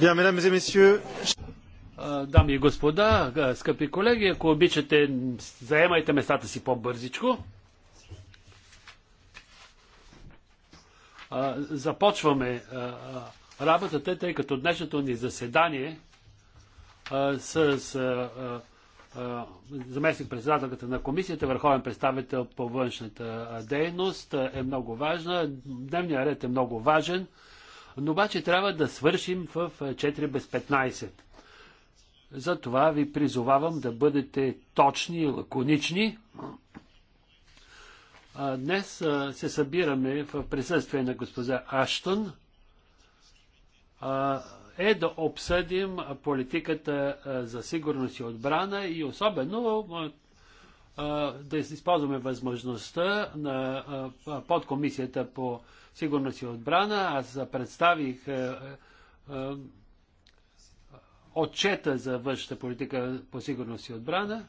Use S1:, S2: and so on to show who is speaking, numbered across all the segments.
S1: Дами и господа, скъпи колеги, ако обичате, заемайте местата си по-бързичко. Започваме работата, тъй като днешното ни заседание с заместник председателката на комисията, върховен представител по външната дейност е много важна. Дневният ред е много важен но обаче трябва да свършим в 4 без 15. Затова ви призовавам да бъдете точни и лаконични. Днес се събираме в присъствие на госпожа Аштон е да обсъдим политиката за сигурност и отбрана и особено да използваме възможността на подкомисията по сигурност и отбрана. Аз представих отчета за външната политика по сигурност и отбрана.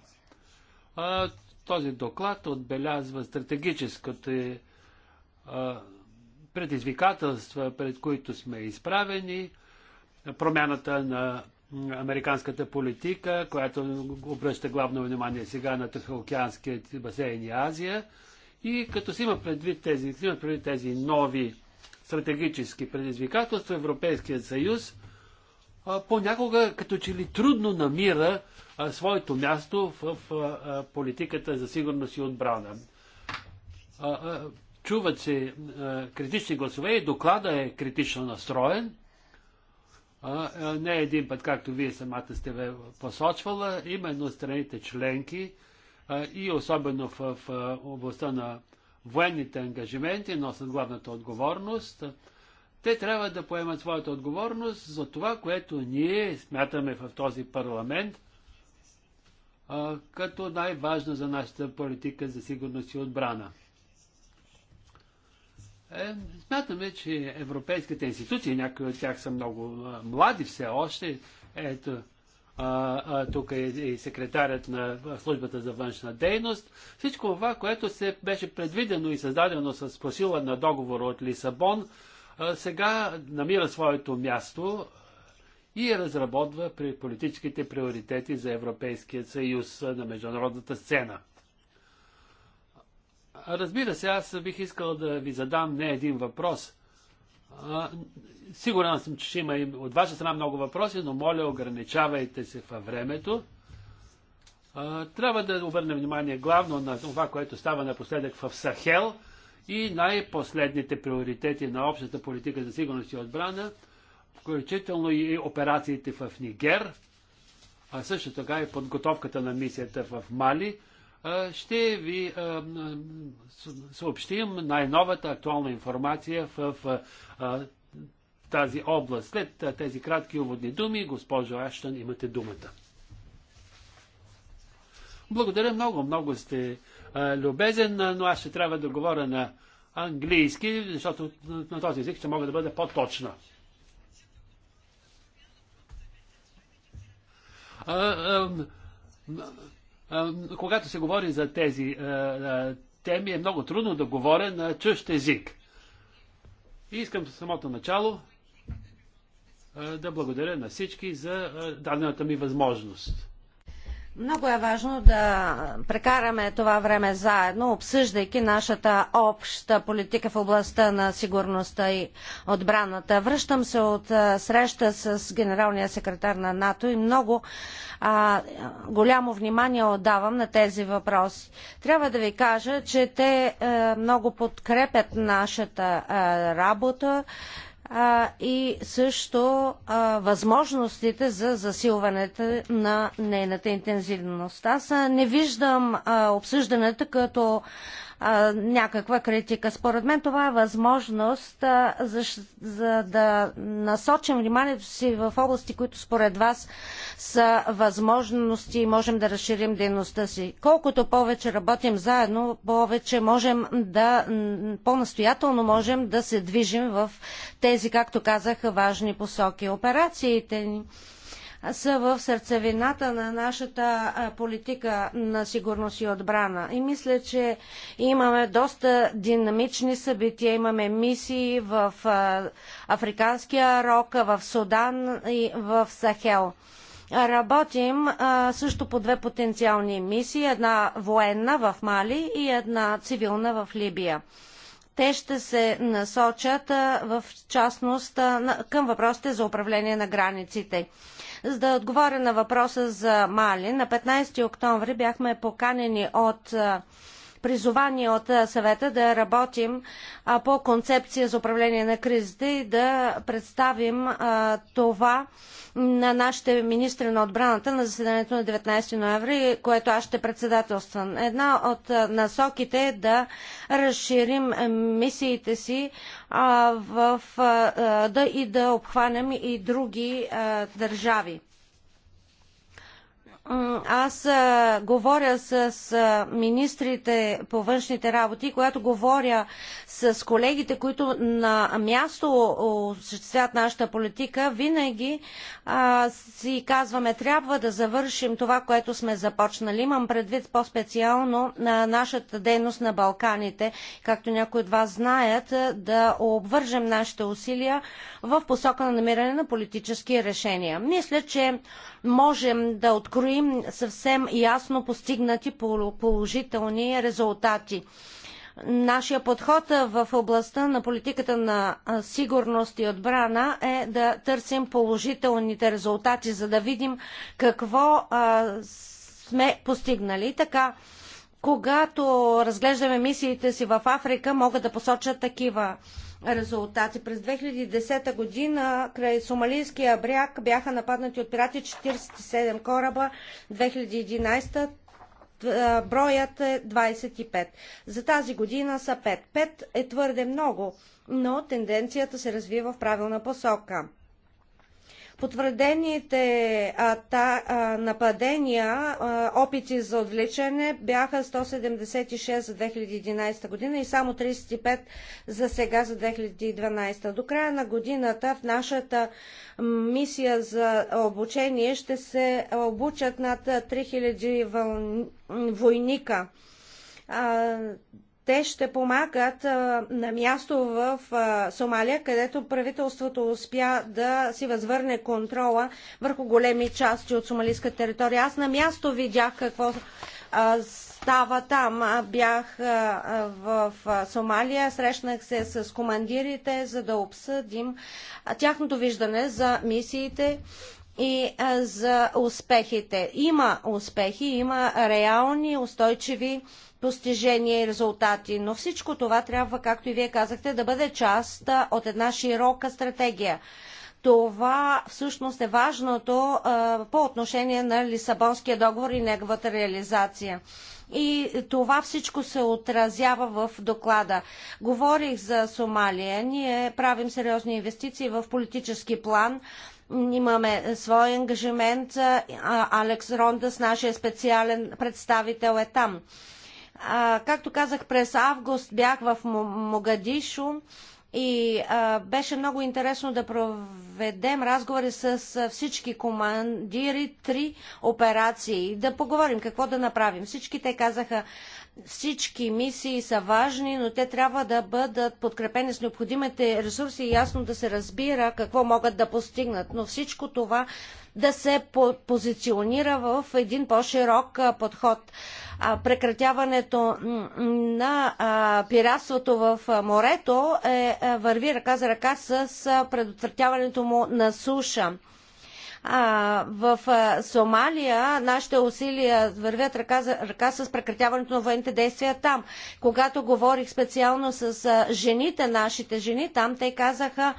S1: Този доклад отбелязва стратегическите предизвикателства, пред които сме изправени, промяната на американската политика, която обръща главно внимание сега на Тихоокеанския басейн и Азия. И като си има предвид тези, си има предвид тези нови стратегически предизвикателства, Европейският съюз а, понякога като че ли трудно намира а, своето място в а, политиката за сигурност и отбрана. Чуват се критични гласове и доклада е критично настроен не един път, както вие самата сте посочвала, именно страните членки и особено в областта на военните ангажименти с главната отговорност. Те трябва да поемат своята отговорност за това, което ние смятаме в този парламент като най-важно за нашата политика за сигурност и отбрана. Е, смятаме, че европейските институции, някои от тях са много млади все още, ето, а, а, тук е и секретарят на службата за външна дейност. Всичко това, което се беше предвидено и създадено с посила на договора от Лисабон, а, сега намира своето място и разработва при политическите приоритети за Европейския съюз на международната сцена. Разбира се, аз бих искал да ви задам не един въпрос. сигурен съм, че ще има и от ваша страна много въпроси, но моля, ограничавайте се във времето. трябва да обърнем внимание главно на това, което става напоследък в Сахел и най-последните приоритети на общата политика за сигурност и отбрана, включително и операциите в Нигер, а също така и подготовката на мисията в Мали – ще ви съобщим най-новата актуална информация в тази област. След тези кратки уводни думи, госпожо Аштън, имате думата. Благодаря много, много сте любезен, но аз ще трябва да говоря на английски, защото на този език ще мога да бъда по-точна когато се говори за тези теми, е много трудно да говоря на чужд език. И искам в самото начало да благодаря на всички за дадената ми възможност.
S2: Много е важно да прекараме това време заедно, обсъждайки нашата обща политика в областта на сигурността и отбраната. Връщам се от среща с генералния секретар на НАТО и много а, голямо внимание отдавам на тези въпроси. Трябва да ви кажа, че те а, много подкрепят нашата а, работа а, и също а, възможностите за засилването на нейната интензивност. Аз не виждам а, обсъждането като някаква критика. Според мен това е възможност а, за, за да насочим вниманието си в области, които според вас са възможности и можем да разширим дейността си. Колкото повече работим заедно, повече можем да, по-настоятелно можем да се движим в тези, както казах, важни посоки. Операциите ни са в сърцевината на нашата политика на сигурност и отбрана. И мисля, че имаме доста динамични събития, имаме мисии в Африканския рок, в Судан и в Сахел. Работим а, също по две потенциални мисии, една военна в Мали и една цивилна в Либия. Те ще се насочат а, в частност а, към въпросите за управление на границите. За да отговоря на въпроса за Мали, на 15 октомври бяхме поканени от призовани от съвета да работим по концепция за управление на кризите и да представим това на нашите министри на отбраната на заседанието на 19 ноември, което аз ще председателствам. Една от насоките е да разширим мисиите си в, да, и да обхванем и други държави аз а, говоря с, с министрите по външните работи, когато говоря с колегите, които на място осъществяват нашата политика, винаги а, си казваме, трябва да завършим това, което сме започнали. Имам предвид по-специално на нашата дейност на Балканите, както някои от вас знаят, да обвържем нашите усилия в посока на намиране на политически решения. Мисля, че можем да откроим съвсем ясно постигнати положителни резултати. Нашия подход в областта на политиката на сигурност и отбрана е да търсим положителните резултати, за да видим какво сме постигнали. Така когато разглеждаме мисиите си в Африка, могат да посочат такива резултати. През 2010 година край Сомалийския бряг бяха нападнати от пирати 47 кораба, 2011 броят е 25. За тази година са 5. 5 е твърде много, но тенденцията се развива в правилна посока. Потвърдените та, а, нападения, а, опити за отвлечене бяха 176 за 2011 година и само 35 за сега за 2012. До края на годината в нашата мисия за обучение ще се обучат над 3000 войника те ще помагат а, на място в а, Сомалия, където правителството успя да си възвърне контрола върху големи части от сомалийска територия. Аз на място видях какво а, става там. Бях в Сомалия, срещнах се с командирите, за да обсъдим тяхното виждане за мисиите и за успехите. Има успехи, има реални, устойчиви постижения и резултати. Но всичко това трябва, както и вие казахте, да бъде част от една широка стратегия. Това всъщност е важното а, по отношение на Лисабонския договор и неговата реализация. И това всичко се отразява в доклада. Говорих за Сомалия. Ние правим сериозни инвестиции в политически план. Имаме свой ангажимент. Алекс Ронда с нашия специален представител е там. А, както казах, през август бях в Могадишо и а, беше много интересно да проведем разговори с, с всички командири, три операции, да поговорим какво да направим. Всички те казаха всички мисии са важни, но те трябва да бъдат подкрепени с необходимите ресурси и ясно да се разбира какво могат да постигнат. Но всичко това да се позиционира в един по-широк подход. Прекратяването на пиратството в морето е, е, върви ръка за ръка с предотвратяването му на суша. А, в а, Сомалия нашите усилия вървят ръка, за, ръка с прекратяването на военните действия там. Когато говорих специално с а, жените, нашите жени, там те казаха,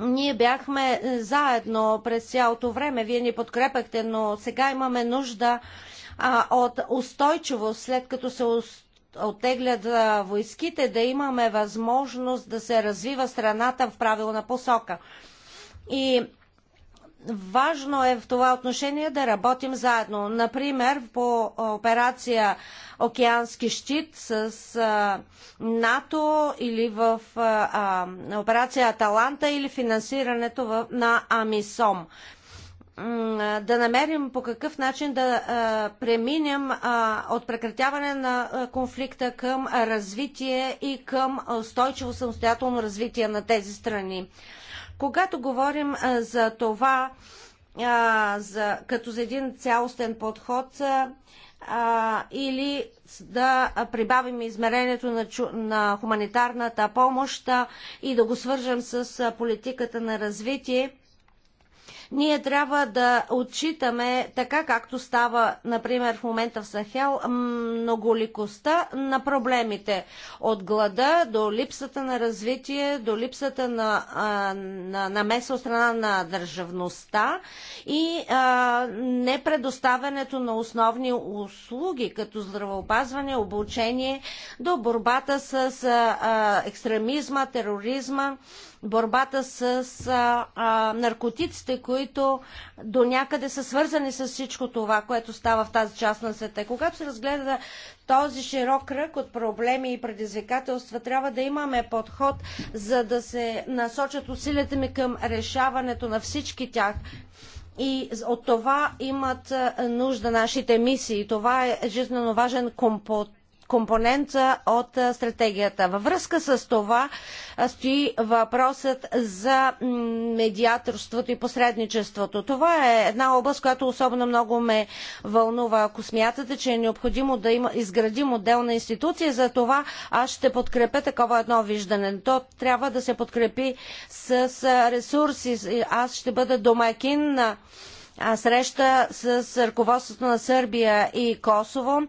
S2: ние бяхме е, заедно през цялото време, вие ни подкрепахте, но сега имаме нужда а, от устойчивост, след като се оттеглят а, войските, да имаме възможност да се развива страната в правилна посока. И Важно е в това отношение да работим заедно. Например, по операция Океански щит с а, НАТО или в а, а, операция Аталанта или финансирането в, на Амисом. Да намерим по какъв начин да а, преминем а, от прекратяване на конфликта към развитие и към устойчиво самостоятелно развитие на тези страни. Когато говорим за това, за, като за един цялостен подход, или да прибавим измерението на, чу, на хуманитарната помощ и да го свържем с политиката на развитие, ние трябва да отчитаме, така както става, например, в момента в Сахел, многоликостта на проблемите. От глада до липсата на развитие, до липсата на, на, на намеса от страна на държавността и а, непредоставянето на основни услуги, като здравеопазване, обучение, до борбата с а, екстремизма, тероризма борбата с а, а, наркотиците, които до някъде са свързани с всичко това, което става в тази част на света. И когато се разгледа този широк кръг от проблеми и предизвикателства, трябва да имаме подход, за да се насочат усилията ми към решаването на всички тях. И от това имат нужда нашите мисии. Това е жизненно важен компот компонент от стратегията. Във връзка с това стои въпросът за медиаторството и посредничеството. Това е една област, която особено много ме вълнува. Ако смятате, че е необходимо да има, изградим отделна институция, за това аз ще подкрепя такова едно виждане. То трябва да се подкрепи с ресурси. Аз ще бъда домакин на среща с ръководството на Сърбия и Косово.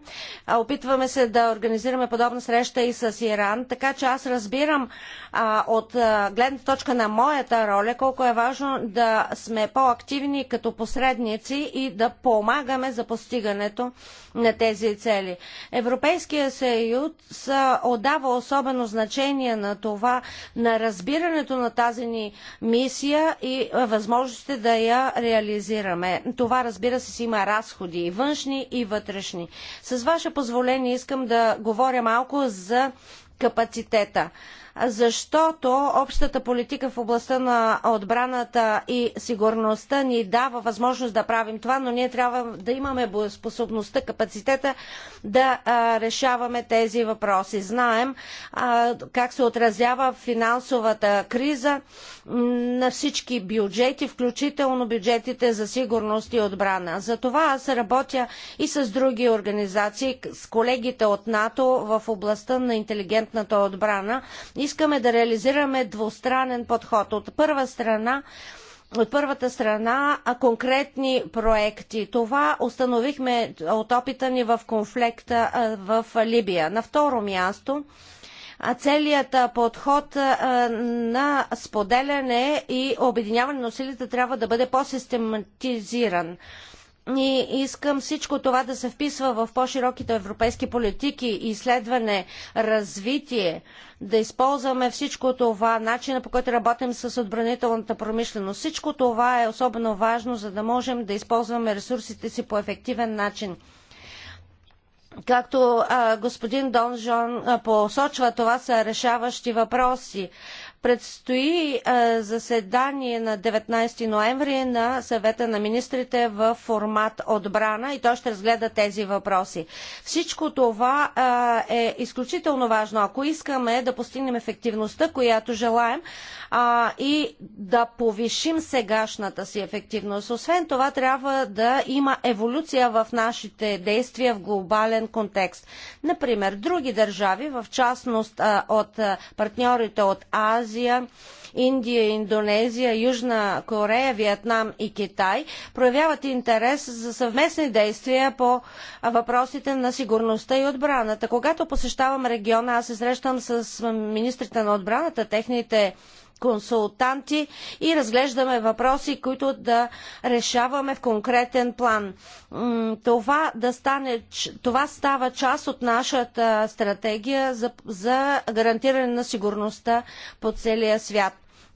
S2: Опитваме се да организираме подобна среща и с Иран, така че аз разбирам от гледна точка на моята роля колко е важно да сме по-активни като посредници и да помагаме за постигането на тези цели. Европейския съюз отдава особено значение на това, на разбирането на тази ни мисия и възможностите да я реализираме финансираме. Това, разбира се, си има разходи и външни, и вътрешни. С ваше позволение искам да говоря малко за капацитета защото общата политика в областта на отбраната и сигурността ни дава възможност да правим това, но ние трябва да имаме способността, капацитета да решаваме тези въпроси. Знаем как се отразява финансовата криза на всички бюджети, включително бюджетите за сигурност и отбрана. Затова аз работя и с други организации, с колегите от НАТО в областта на интелигентната отбрана и искаме да реализираме двустранен подход. От първа страна от първата страна конкретни проекти. Това установихме от опита ни в конфликта в Либия. На второ място целият подход на споделяне и обединяване на усилията трябва да бъде по-систематизиран и искам всичко това да се вписва в по-широките европейски политики, изследване, развитие, да използваме всичко това, начина по който работим с отбранителната промишленост. Всичко това е особено важно, за да можем да използваме ресурсите си по ефективен начин. Както а, господин Донжон посочва, това са решаващи въпроси. Предстои заседание на 19 ноември на съвета на министрите в формат отбрана и той ще разгледа тези въпроси. Всичко това е изключително важно. Ако искаме да постигнем ефективността, която желаем, а, и да повишим сегашната си ефективност. Освен това, трябва да има еволюция в нашите действия в глобален контекст. Например, други държави, в частност а, от партньорите от Азия, Индия, Индонезия, Южна Корея, Виетнам и Китай проявяват интерес за съвместни действия по въпросите на сигурността и отбраната. Когато посещавам региона, аз се срещам с министрите на отбраната, техните консултанти и разглеждаме въпроси, които да решаваме в конкретен план. Това, да стане, това става част от нашата стратегия за, за гарантиране на сигурността по целия свят.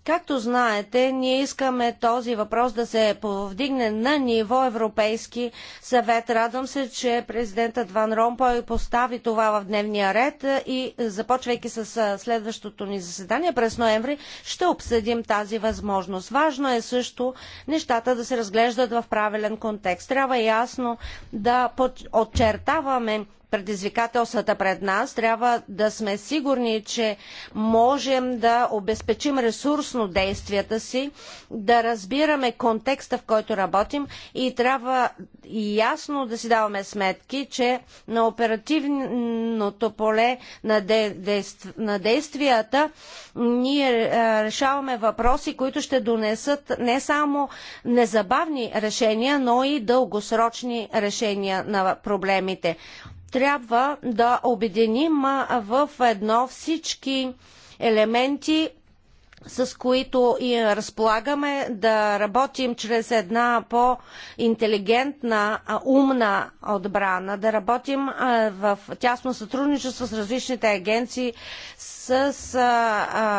S2: Както знаете, ние искаме този въпрос да се повдигне на ниво Европейски съвет. Радвам се, че президентът Ван Ромпой постави това в дневния ред и започвайки с следващото ни заседание през ноември, ще обсъдим тази възможност. Важно е също нещата да се разглеждат в правилен контекст. Трябва ясно да отчертаваме предизвикателствата пред нас, трябва да сме сигурни, че можем да обезпечим ресурсно действията си, да разбираме контекста, в който работим и трябва ясно да си даваме сметки, че на оперативното поле на, действ... на действията ние е, решаваме въпроси, които ще донесат не само незабавни решения, но и дългосрочни решения на проблемите трябва да обединим в едно всички елементи с които и разполагаме, да работим чрез една по-интелигентна, умна отбрана, да работим в тясно сътрудничество с различните агенции, с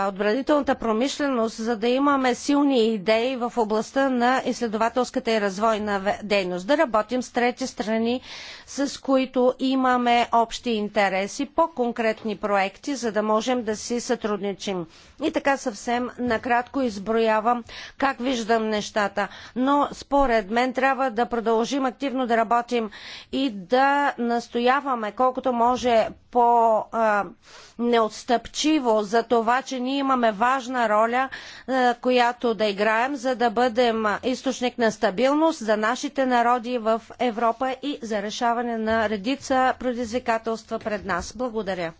S2: отбранителната промишленост, за да имаме силни идеи в областта на изследователската и развойна дейност, да работим с трети страни, с които имаме общи интереси по конкретни проекти, за да можем да си сътрудничим. И така съвсем съвсем накратко изброявам как виждам нещата. Но според мен трябва да продължим активно да работим и да настояваме колкото може по-неотстъпчиво за това, че ние имаме важна роля, е, която да играем, за да бъдем източник на стабилност за нашите народи в Европа и за решаване на редица предизвикателства пред нас. Благодаря.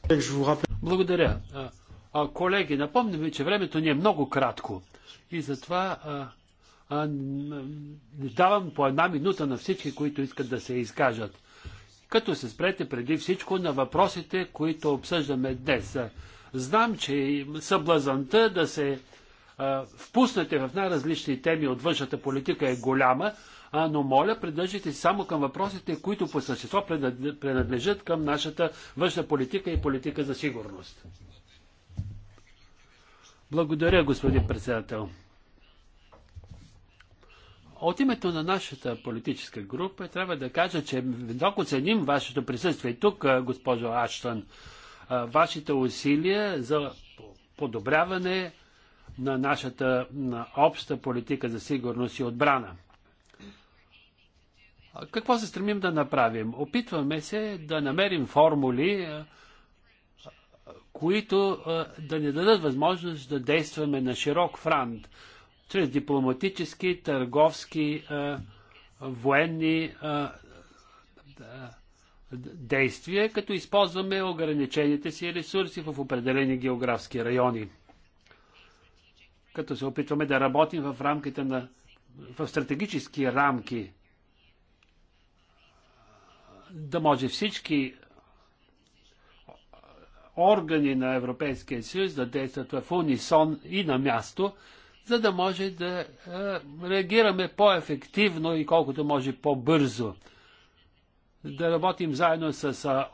S1: Благодаря. Е, а, колеги, напомням ви, че времето ни е много кратко. И затова а, а, давам по една минута на всички, които искат да се изкажат. Като се спрете преди всичко на въпросите, които обсъждаме днес. Знам, че съблазанта да се а, впуснете в най-различни теми от външната политика е голяма, а, но моля, придържите се само към въпросите, които по същество принадлежат към нашата външна политика и политика за сигурност. Благодаря, господин председател. От името на нашата политическа група трябва да кажа, че много ценим вашето присъствие тук, госпожо Аштън. Вашите усилия за подобряване на нашата на обща политика за сигурност и отбрана. Какво се стремим да направим? Опитваме се да намерим формули, които да ни дадат възможност да действаме на широк франт, чрез дипломатически, търговски, военни действия, като използваме ограничените си ресурси в определени географски райони. Като се опитваме да работим в рамките на в стратегически рамки, да може всички органи на Европейския съюз да действат в унисон и на място, за да може да е, реагираме по-ефективно и колкото може по-бързо. Да работим заедно с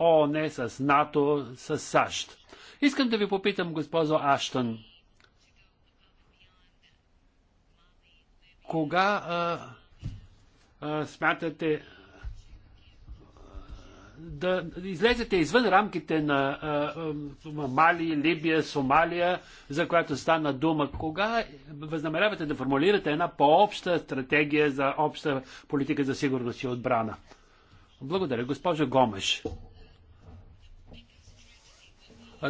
S1: ООН, с НАТО, с САЩ. Искам да ви попитам, госпожо Аштън, кога а, а, смятате да излезете извън рамките на Мали, Либия, Сомалия, за която стана дума. Кога възнамерявате да формулирате една по-обща стратегия за обща политика за сигурност и отбрана? Благодаря, госпожа Гомеш.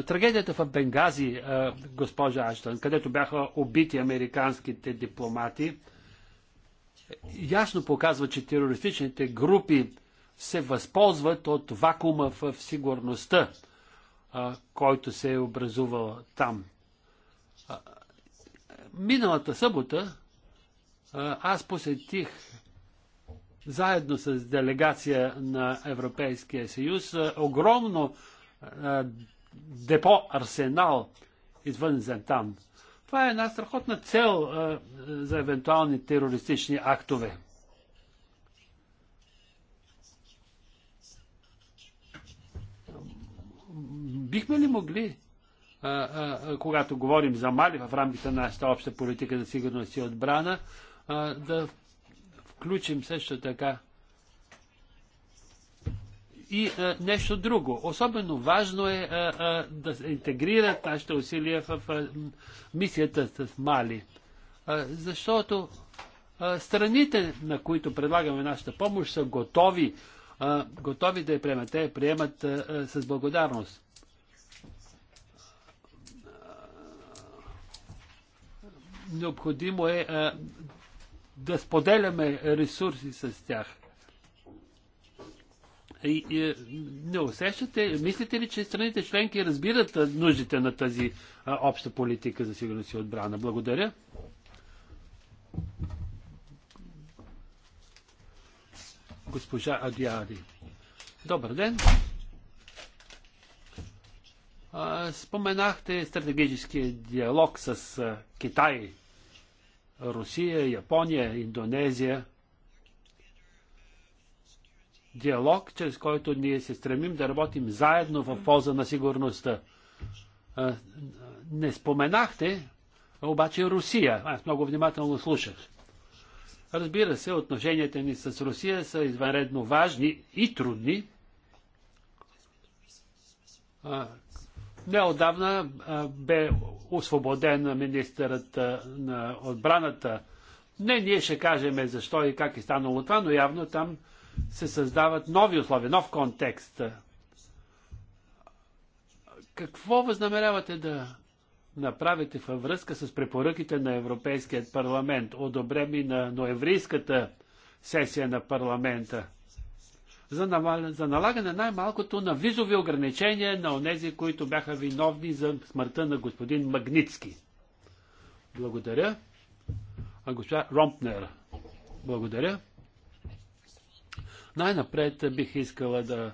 S1: Трагедията в Бенгази, госпожа Аштън, където бяха убити американските дипломати, ясно показва, че терористичните групи се възползват от вакуума в сигурността, а, който се е образувал там. А, миналата събота а, аз посетих заедно с делегация на Европейския съюз огромно депо Арсенал извън Зентан. Това е една страхотна цел за евентуални терористични актове. Бихме ли могли, а, а, когато говорим за Мали в рамките на нашата обща политика за сигурност и отбрана, а, да включим също така и а, нещо друго. Особено важно е а, а, да се интегрират нашите усилия в а, мисията с Мали. А, защото а, страните, на които предлагаме нашата помощ, са готови, а, готови да я приемат. Те я приемат а, а, с благодарност. необходимо е а, да споделяме ресурси с тях. И, и, не усещате, мислите ли, че страните членки разбират нуждите на тази а, обща политика за сигурност и отбрана? Благодаря. Госпожа Адиади. Добър ден. Споменахте стратегическия диалог с Китай, Русия, Япония, Индонезия. Диалог, чрез който ние се стремим да работим заедно в полза на сигурността. Не споменахте, обаче Русия. Аз много внимателно слушах. Разбира се, отношенията ни с Русия са извънредно важни и трудни. Неодавна бе освободен министърът на отбраната. Не, ние ще кажем защо и как е станало това, но явно там се създават нови условия, нов контекст. Какво възнамерявате да направите във връзка с препоръките на Европейският парламент, одобрени на ноеврийската сесия на парламента? за, навал... за налагане най-малкото на визови ограничения на онези, които бяха виновни за смъртта на господин Магницки. Благодаря. А госпожа Ромпнер, благодаря. Най-напред бих искала да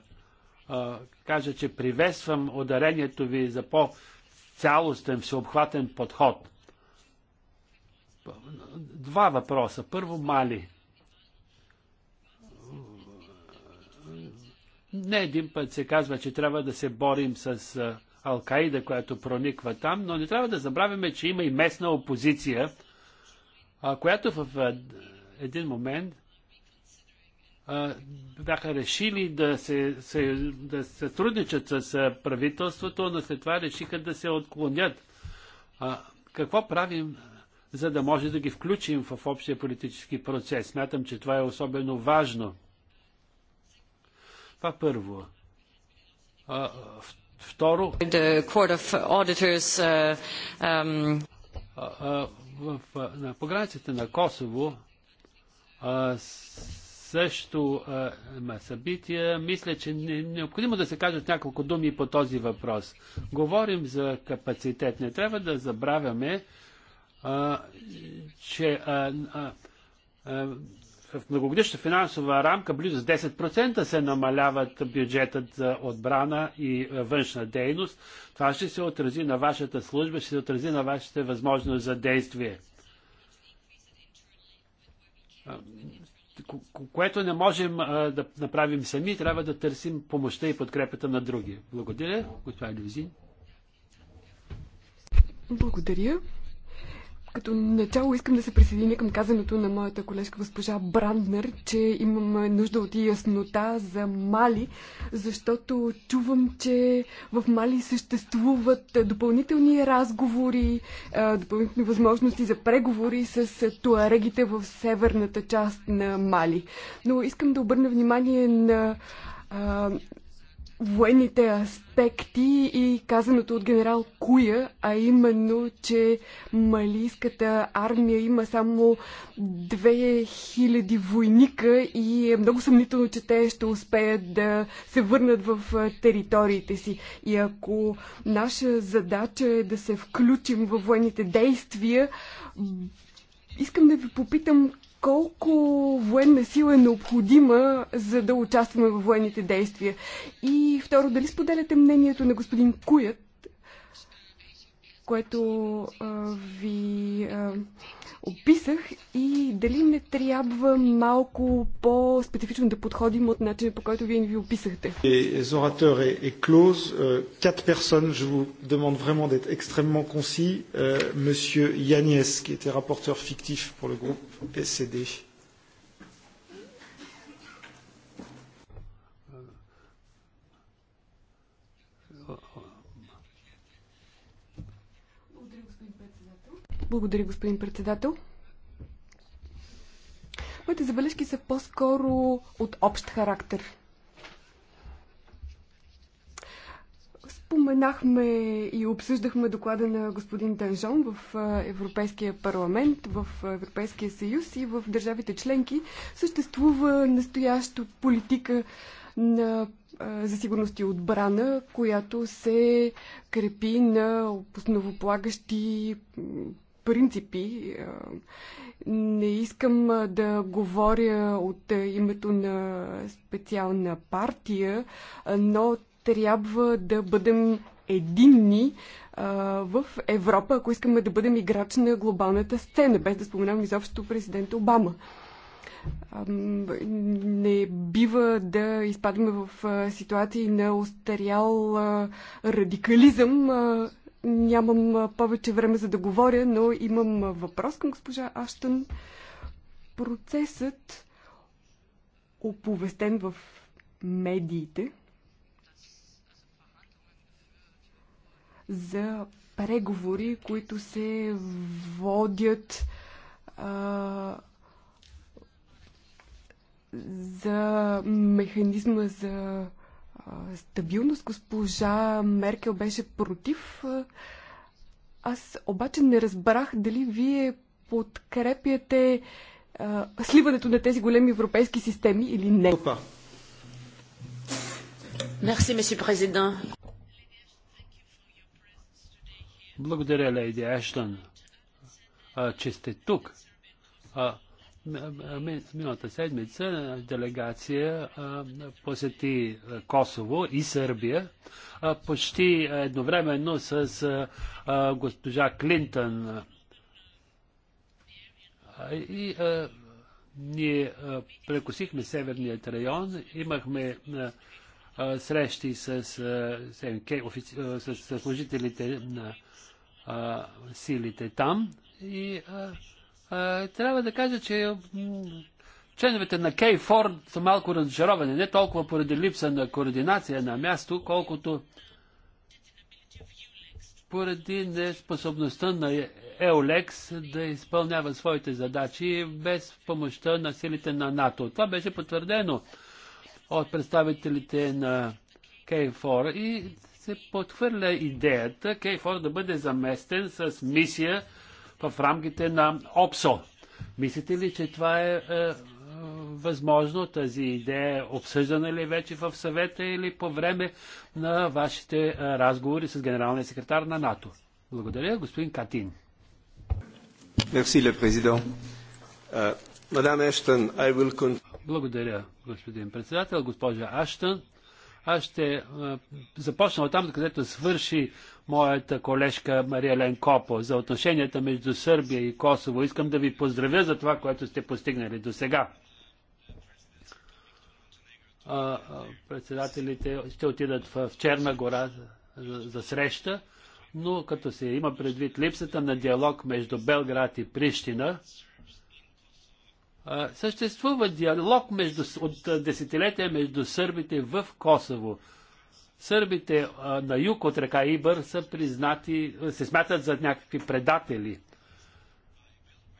S1: а, кажа, че приветствам ударението ви за по-цялостен, всеобхватен подход. Два въпроса. Първо Мали. Не един път се казва, че трябва да се борим с Алкаида, която прониква там, но не трябва да забравяме, че има и местна опозиция, която в един момент бяха решили да се, се, да се трудничат с правителството, но след това решиха да се отклонят. А, какво правим, за да може да ги включим в общия политически процес? Смятам, че това е особено важно. Това първо. А, второ. The Court of Auditors, uh, um... а, а, в, на пограниците на Косово а, също има събития. Мисля, че не, е необходимо да се кажат няколко думи по този въпрос. Говорим за капацитет. Не трябва да забравяме, а, че а, а, а, в многогодишна финансова рамка близо с 10% се намаляват бюджетът за отбрана и е, външна дейност. Това ще се отрази на вашата служба, ще се отрази на вашите възможности за действие. Което не можем да направим сами, трябва да търсим помощта и подкрепата на други. Благодаря, господин Левзин.
S3: Благодаря. Като начало искам да се присъединя към казаното на моята колежка госпожа Бранднер, че имам нужда от яснота за Мали, защото чувам, че в Мали съществуват допълнителни разговори, допълнителни възможности за преговори с туарегите в северната част на Мали. Но искам да обърна внимание на военните аспекти и казаното от генерал Куя, а именно, че малийската армия има само 2000 войника и е много съмнително, че те ще успеят да се върнат в териториите си. И ако наша задача е да се включим във военните действия, искам да ви попитам колко военна сила е необходима, за да участваме в военните действия? И второ, дали споделяте мнението на господин Куят, което а, ви а, описах и дали не трябва малко по-специфично да подходим от начина по който вие ни ви описахте.
S1: Les orateurs est, est close. Quatre personnes, je vous demande vraiment d'être extrêmement concis. Monsieur Yagnès, qui était rapporteur fictif pour le groupe SCD.
S3: Благодаря, господин председател. Моите забележки са по-скоро от общ характер. Споменахме и обсъждахме доклада на господин Данжон в Европейския парламент, в Европейския съюз и в държавите членки. Съществува настояща политика на, за сигурност и отбрана, която се крепи на основополагащи принципи. Не искам да говоря от името на специална партия, но трябва да бъдем единни в Европа, ако искаме да бъдем играч на глобалната сцена, без да споменавам изобщо президента Обама. Не бива да изпадаме в ситуации на остарял радикализъм, Нямам повече време за да говоря, но имам въпрос към госпожа Аштън. Процесът, оповестен в медиите, за преговори, които се водят а, за механизма за стабилност. Госпожа Меркел беше против. Аз обаче не разбрах дали вие подкрепяте а, сливането на тези големи европейски системи или не. Мерси, месье президент.
S1: Благодаря, леди Аштън, че сте тук. А, Миналата седмица делегация посети Косово и Сърбия почти едновременно с госпожа Клинтън. И ние прекусихме северният район, имахме срещи с, с служителите на силите там и трябва да кажа, че членовете на Форд са малко разжаровани. Не толкова поради липса на координация на място, колкото поради неспособността на Еолекс да изпълнява своите задачи без помощта на силите на НАТО. Това беше потвърдено от представителите на Кейфор и се подхвърля идеята Кейфор да бъде заместен с мисия в рамките на ОПСО. Мислите ли, че това е, е възможно? Тази идея е обсъждана ли вече в съвета или по време на вашите е, разговори с генералния секретар на НАТО? Благодаря, господин Катин. Мерси, ле президент. Е, мадам Ештън, I will Благодаря, господин председател. Госпожа Аштън, аз ще е, започна от там, където свърши моята колежка Мария Лен Копо за отношенията между Сърбия и Косово. Искам да ви поздравя за това, което сте постигнали до сега. Председателите ще отидат в Черна гора за, за среща, но като се има предвид липсата на диалог между Белград и Прищина, съществува диалог между, от десетилетия между сърбите в Косово сърбите а, на юг от река Ибър са признати, се смятат за някакви предатели.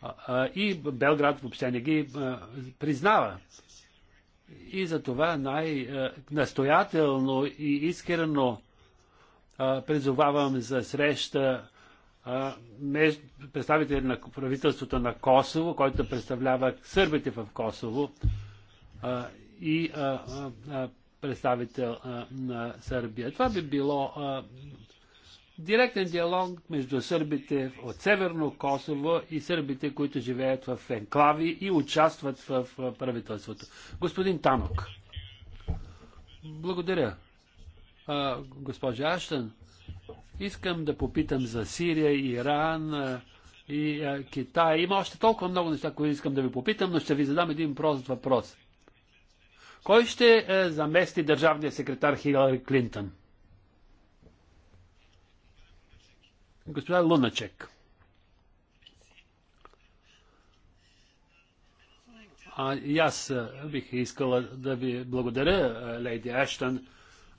S1: А, а, и Белград въобще не ги а, признава. И за това най-настоятелно и искрено призовавам за среща представител между представители на правителството на Косово, който представлява сърбите в Косово и представител а, на Сърбия. Това би било а, директен диалог между сърбите от Северно Косово и сърбите, които живеят в енклави и участват в, правителството. Господин Танок. Благодаря. А, госпожа Аштън, искам да попитам за Сирия, Иран а, и а, Китай. Има още толкова много неща, които искам да ви попитам, но ще ви задам един прост въпрос. Кой ще е, замести държавния секретар Хилари Клинтон? Господа Луначек. А, и аз е, бих искала да ви благодаря, е, леди Аштън,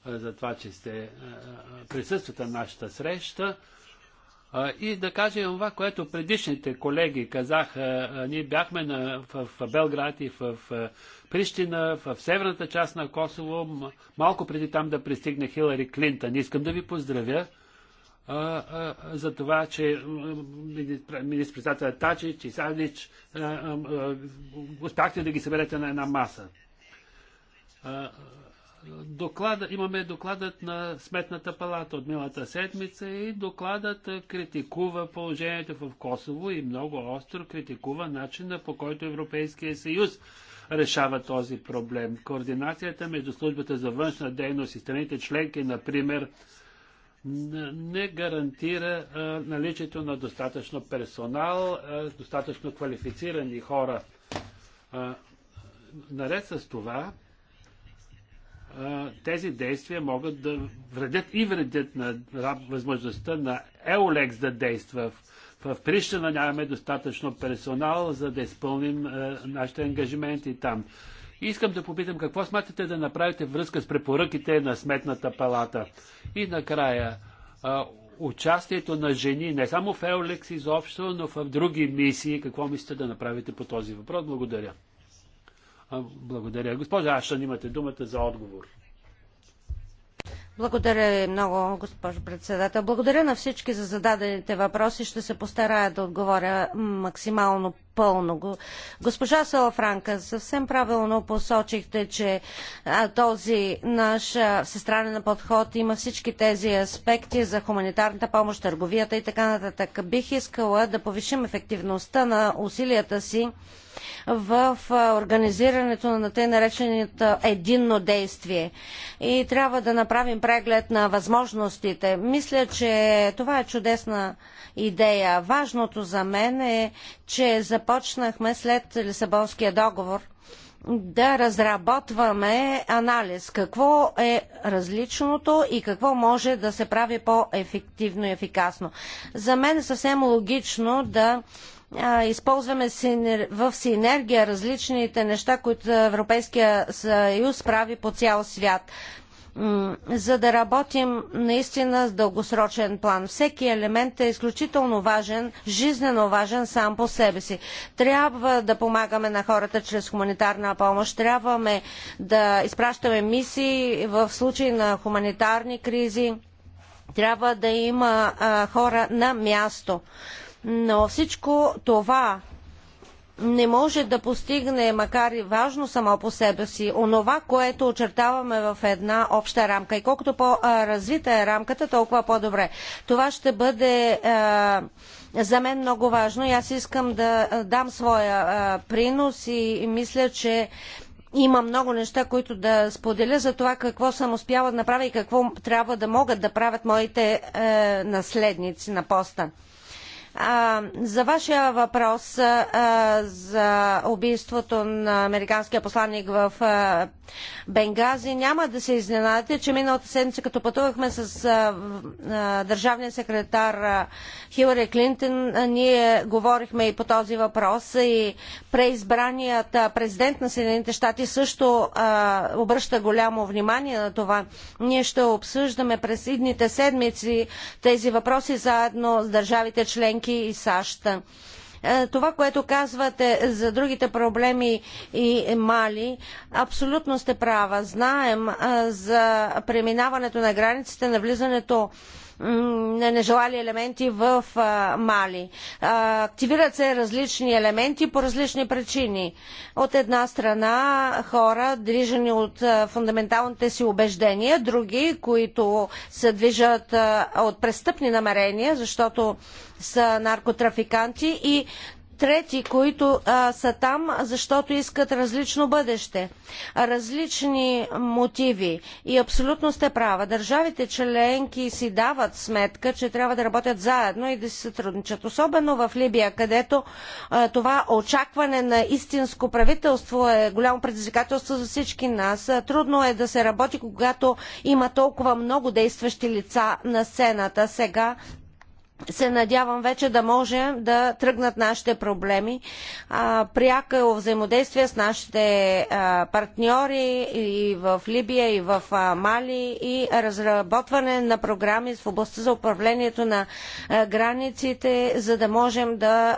S1: за това, че сте присъствате на нашата среща. И да кажем това, което предишните колеги казаха, ние бяхме на, в, в Белград и в, в Прищина, в северната част на Косово, малко преди там да пристигне Хилари Клинтън. Искам да ви поздравя а, а, за това, че министр-председателят Тачич и Садич успяхте да ги съберете на една маса. А, доклада, имаме докладът на Сметната палата от миналата седмица и докладът критикува положението в Косово и много остро критикува начина по който Европейския съюз решава този проблем. Координацията между службата за външна дейност и страните членки, например, не гарантира а, наличието на достатъчно персонал, а, достатъчно квалифицирани хора. А, наред с това, тези действия могат да вредят и вредят на възможността на Еолекс да действа. В, в Прищина нямаме достатъчно персонал, за да изпълним нашите ангажименти там. И искам да попитам какво смятате да направите връзка с препоръките на Сметната палата. И накрая, участието на жени, не само в Еолекс изобщо, но в други мисии, какво мислите да направите по този въпрос? Благодаря. Благодаря. Госпожа Аштан, имате думата за отговор.
S2: Благодаря ви много, госпожо председател. Благодаря на всички за зададените въпроси. Ще се постарая да отговоря максимално пълно. Госпожа Салафранка, съвсем правилно посочихте, че а, този наш всестранен подход има всички тези аспекти за хуманитарната помощ, търговията и така нататък. Бих искала да повишим ефективността на усилията си в организирането на те нареченото единно действие. И трябва да направим преглед на възможностите. Мисля, че това е чудесна идея. Важното за мен е, че започнахме след Лисабонския договор да разработваме анализ какво е различното и какво може да се прави по-ефективно и ефикасно. За мен е съвсем логично да използваме в синергия различните неща, които Европейския съюз прави по цял свят за да работим наистина с дългосрочен план. Всеки елемент е изключително важен, жизнено важен сам по себе си. Трябва да помагаме на хората чрез хуманитарна помощ, трябваме да изпращаме мисии в случай на хуманитарни кризи, трябва да има а, хора на място. Но всичко това не може да постигне, макар и важно само по себе си, онова, което очертаваме в една обща рамка. И колкото по-развита е рамката, толкова по-добре. Това ще бъде е, за мен много важно и аз искам да дам своя е, принос и, и мисля, че има много неща, които да споделя за това какво съм успяла да направя и какво трябва да могат да правят моите е, наследници на поста за вашия въпрос за убийството на американския посланник в Бенгази, няма да се изненадате, че миналата седмица, като пътувахме с държавния секретар Хилари Клинтон, ние говорихме и по този въпрос и преизбраният президент на Съединените щати също обръща голямо внимание на това. Ние ще обсъждаме през идните седмици тези въпроси заедно с държавите членки членки и САЩ. Е, това, което казвате за другите проблеми и Мали, абсолютно сте права. Знаем е, за преминаването на границите, на влизането нежелали елементи в Мали. Активират се различни елементи по различни причини. От една страна хора, движени от фундаменталните си убеждения, други, които се движат от престъпни намерения, защото са наркотрафиканти и трети, които а, са там, защото искат различно бъдеще, различни мотиви. И абсолютно сте права. Държавите членки си дават сметка, че трябва да работят заедно и да си сътрудничат. Особено в Либия, където а, това очакване на истинско правителство е голямо предизвикателство за всички нас. Трудно е да се работи, когато има толкова много действащи лица на сцената. Сега се надявам вече да можем да тръгнат нашите проблеми Пряко пряко е взаимодействие с нашите партньори и в Либия, и в Мали, и разработване на програми в областта за управлението на границите, за да можем да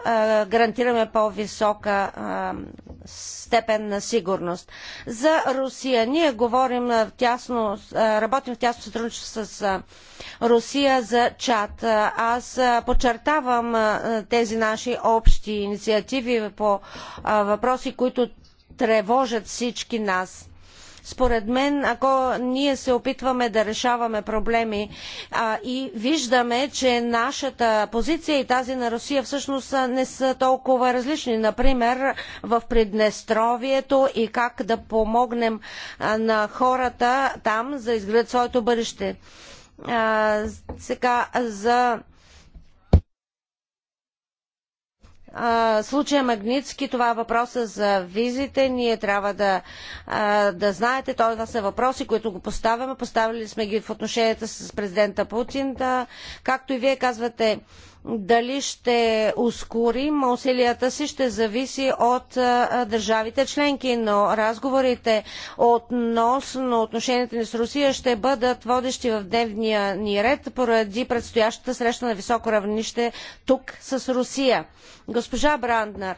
S2: гарантираме по-висока степен на сигурност. За Русия ние говорим в тясно, работим в тясно сътрудничество с Русия за чат. Аз аз подчертавам тези наши общи инициативи по въпроси, които тревожат всички нас. Според мен, ако ние се опитваме да решаваме проблеми а, и виждаме, че нашата позиция и тази на Русия всъщност не са толкова различни. Например, в Приднестровието и как да помогнем а, на хората там за да изградят своето бъдеще. А, сега за а, случая Магницки, това е въпроса за визите. Ние трябва да, а, да знаете, това са въпроси, които го поставяме. Поставили сме ги в отношенията с президента Путин. Да, както и вие казвате, дали ще ускорим усилията си, ще зависи от държавите членки, но разговорите относно отношенията ни с Русия ще бъдат водещи в дневния ни ред поради предстоящата среща на високо равнище тук с Русия. Госпожа Бранднер,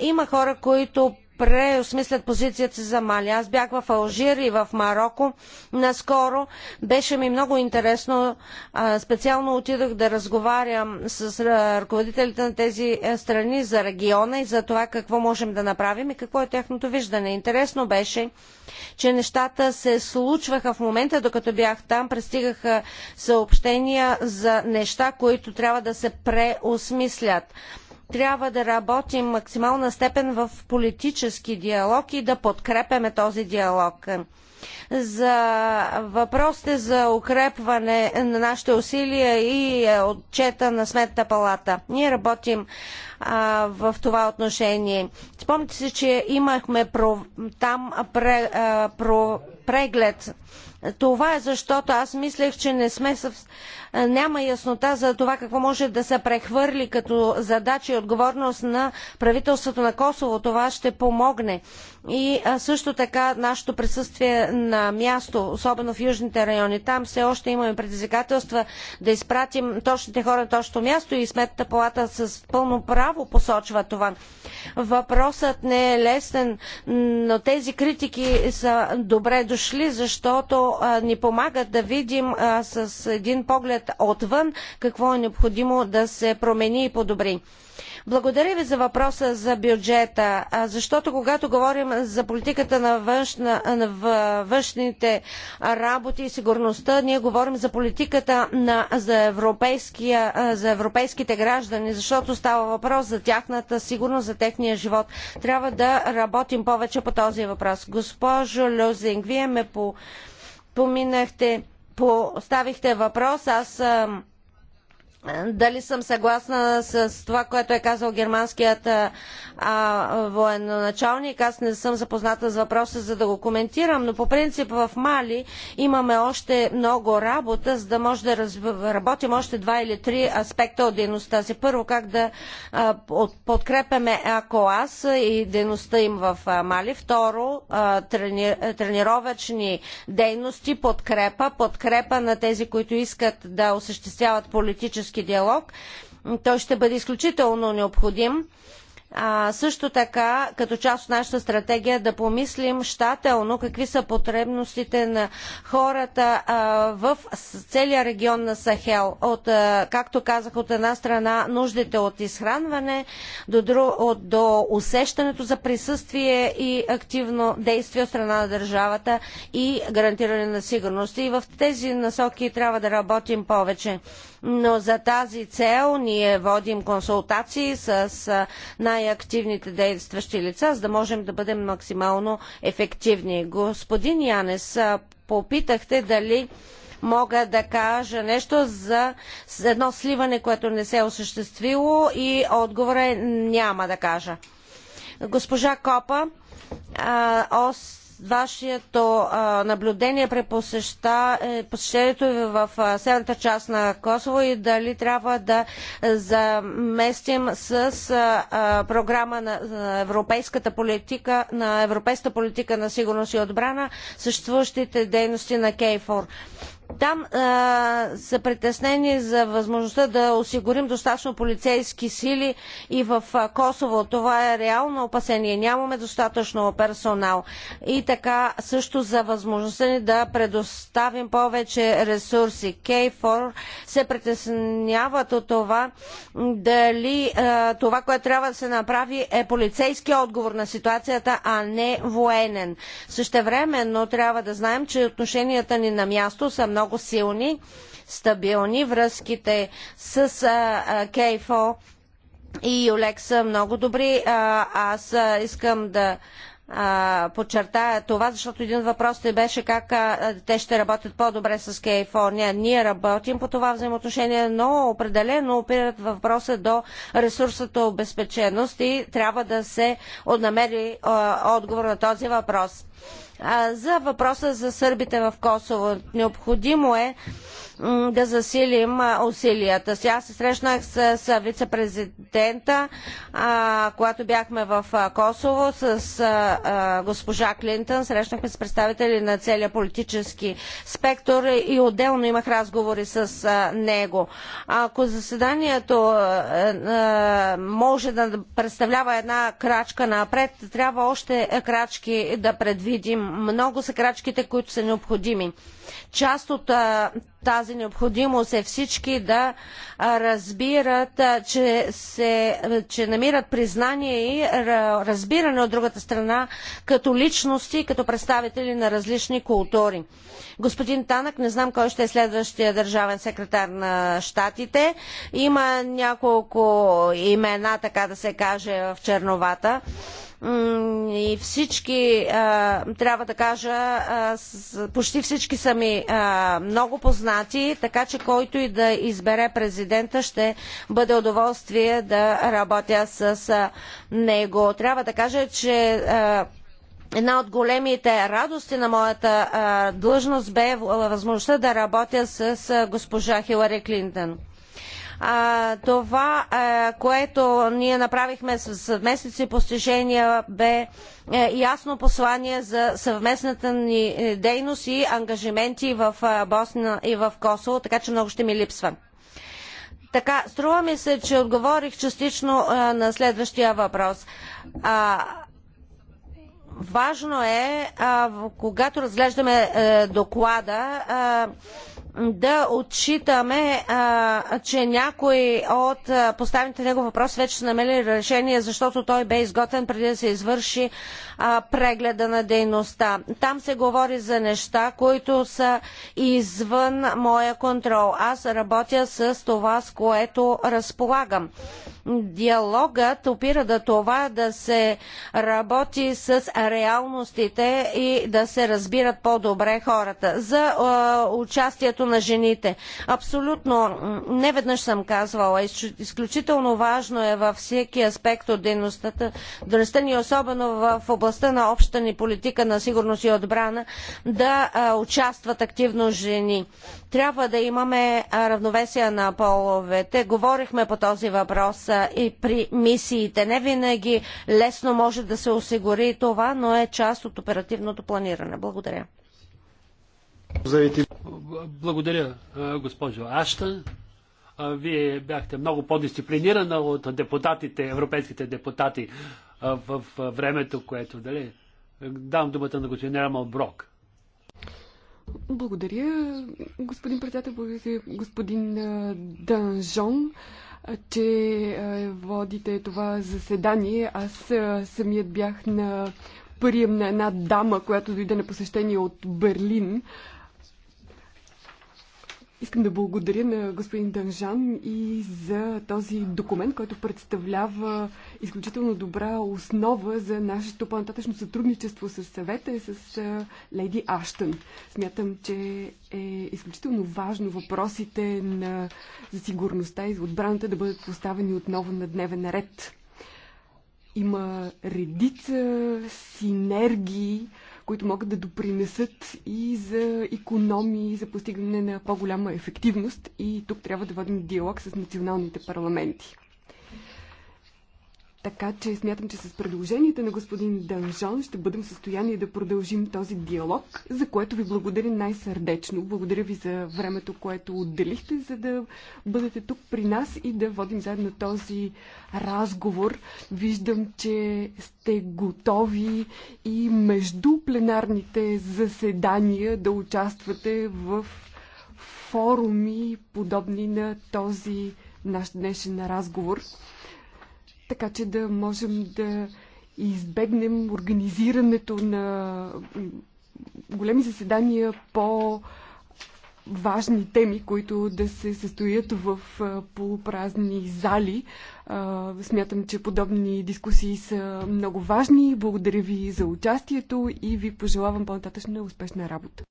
S2: има хора, които преосмислят позицията си за Мали. Аз бях в Алжир и в Марокко наскоро. Беше ми много интересно. Специално отидох да разговарям с ръководителите на тези страни за региона и за това какво можем да направим и какво е тяхното виждане. Интересно беше, че нещата се случваха в момента, докато бях там, пристигаха съобщения за неща, които трябва да се преосмислят трябва да работим максимална степен в политически диалог и да подкрепяме този диалог. За въпросите за укрепване на нашите усилия и отчета на Сметната палата. Ние работим а, в това отношение. Спомните се, че имахме про, там пре, а, про, преглед. Това е защото аз мислех, че не сме съвсем е, няма яснота за това какво може да се прехвърли като задача и отговорност на правителството на Косово. Това ще помогне. И също така нашето присъствие на място, особено в южните райони, там все още имаме предизвикателства да изпратим точните хора на точното място и сметната палата с пълно право посочва това. Въпросът не е лесен, но тези критики са добре дошли, защото ни помагат да видим с един поглед гледат отвън какво е необходимо да се промени и подобри. Благодаря ви за въпроса за бюджета, защото когато говорим за политиката на, външна, на външните работи и сигурността, ние говорим за политиката на, за, за европейските граждани, защото става въпрос за тяхната сигурност, за техния живот. Трябва да работим повече по този въпрос. Госпожо Люзинг, вие ме по, поминахте поставихте въпрос, аз съм дали съм съгласна с това, което е казал германският военноначалник. Аз не съм запозната с въпроса, за да го коментирам, но по принцип в Мали имаме още много работа, за да може да работим още два или три аспекта от дейността си. Първо, как да а, подкрепяме АКОАС и дейността им в Мали. Второ, тренировачни тренировъчни дейности, подкрепа, подкрепа на тези, които искат да осъществяват политически политически диалог. Той ще бъде изключително необходим. А, също така, като част от нашата стратегия, да помислим щателно какви са потребностите на хората а, в целия регион на Сахел. От, а, както казах, от една страна нуждите от изхранване, до, друг, от, до усещането за присъствие и активно действие от страна на държавата и гарантиране на сигурност. И в тези насоки трябва да работим повече но за тази цел ние водим консултации с най-активните действащи лица, за да можем да бъдем максимално ефективни. Господин Янес, попитахте дали мога да кажа нещо за едно сливане, което не се е осъществило и отговора е няма да кажа. Госпожа Копа, вашето наблюдение при е, посещението ви в северната част на Косово и дали трябва да заместим с програма на европейската политика, на европейската политика на сигурност и отбрана съществуващите дейности на КЕЙФОР. Там а, са притеснени за възможността да осигурим достатъчно полицейски сили и в а, Косово. Това е реално опасение. Нямаме достатъчно персонал. И така също за възможността ни да предоставим повече ресурси. к 4 се притесняват от това дали а, това, което трябва да се направи е полицейски отговор на ситуацията, а не военен. Същевременно трябва да знаем, че отношенията ни на място са много силни, стабилни. Връзките с Кейфо и Юлек са много добри. Аз искам да подчертая това, защото един въпрос въпросите беше как а, те ще работят по-добре с КФО. Ние ние работим по това взаимоотношение, но определено опират въпроса до ресурсата обезпеченост и трябва да се намери отговор на този въпрос за въпроса за сърбите в Косово. Необходимо е да засилим усилията си. Аз се срещнах с, с вице-президента, когато бяхме в Косово, с а, госпожа Клинтън. Срещнахме с представители на целия политически спектър и отделно имах разговори с а, него. Ако заседанието а, може да представлява една крачка напред, трябва още крачки да предвидим много са крачките, които са необходими. Част от а, тази необходимост е всички да разбират, а, че, се, че намират признание и разбиране от другата страна като личности, като представители на различни култури. Господин Танък, не знам кой ще е следващия държавен секретар на щатите. Има няколко имена, така да се каже, в черновата и всички, трябва да кажа, почти всички са ми много познати, така че който и да избере президента, ще бъде удоволствие да работя с него. Трябва да кажа, че една от големите радости на моята длъжност бе възможността да работя с госпожа Хилари Клинтон това, е, което ние направихме с съвместните си постижения, бе е, ясно послание за съвместната ни е, дейност и ангажименти в Босна и в Косово, така че много ще ми липсва. Така, струва ми се, че отговорих частично на следващия въпрос. важно е, когато разглеждаме доклада, да отчитаме, а, че някои от поставените него въпроси вече са намерили решение, защото той бе изготвен преди да се извърши а, прегледа на дейността. Там се говори за неща, които са извън моя контрол. Аз работя с това, с което разполагам. Диалогът опира до това да се работи с реалностите и да се разбират по-добре хората. За а, участието участието на жените. Абсолютно не веднъж съм казвала, изключително важно е във всеки аспект от дейността, дейността ни, особено в областта на общата ни политика на сигурност и отбрана, да участват активно жени. Трябва да имаме равновесие на половете. Говорихме по този въпрос и при мисиите. Не винаги лесно може да се осигури това, но е част от оперативното планиране. Благодаря.
S1: Благодаря, госпожо Ашта. Вие бяхте много по-дисциплинирана от депутатите, европейските депутати в времето, което дали. Дам думата на господин Рамал Брок.
S3: Благодаря, господин председател, благодаря господин Данжон, че водите това заседание. Аз самият бях на прием на една дама, която дойде на посещение от Берлин. Искам да благодаря на господин Данжан и за този документ, който представлява изключително добра основа за нашето по-нататъчно сътрудничество с съвета и с леди Аштън. Смятам, че е изключително важно въпросите на, за сигурността и за отбраната да бъдат поставени отново на дневен ред. Има редица синергии, които могат да допринесат и за економии, и за постигане на по-голяма ефективност. И тук трябва да водим диалог с националните парламенти. Така че смятам, че с предложенията на господин Данжон ще бъдем в състояние да продължим този диалог, за което ви благодаря най-сърдечно. Благодаря ви за времето, което отделихте, за да бъдете тук при нас и да водим заедно този разговор. Виждам, че сте готови и между пленарните заседания да участвате в форуми, подобни на този наш днешен разговор така че да можем да избегнем организирането на големи заседания по важни теми, които да се състоят в полупразни зали. Смятам, че подобни дискусии са много важни. Благодаря ви за участието и ви пожелавам по-нататъчна успешна работа.